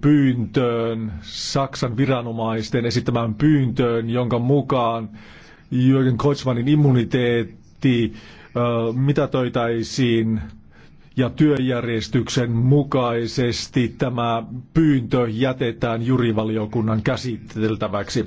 pyyntöön, Saksan viranomaisten esittämään pyyntöön, jonka mukaan Jürgen Kotsmanin immuniteetti mitätöitäisiin ja työjärjestyksen mukaisesti tämä pyyntö jätetään jurivaliokunnan käsiteltäväksi.